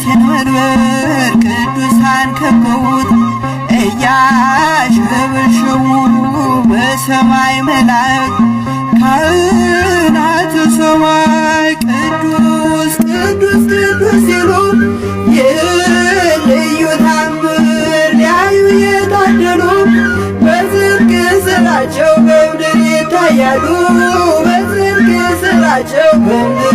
ሲያንበር ቅዱሳን ከበውት እያሸበሸቡ በሰማይ መላእክት ካህናተ ሰማይ ቅዱስ ቅዱስ ቅዱስ ሲሉ የልዩ ታምር ሊያዩ የታደሉ በዝርግ ስራቸው በምድር ይታያሉ ስራቸው በምድር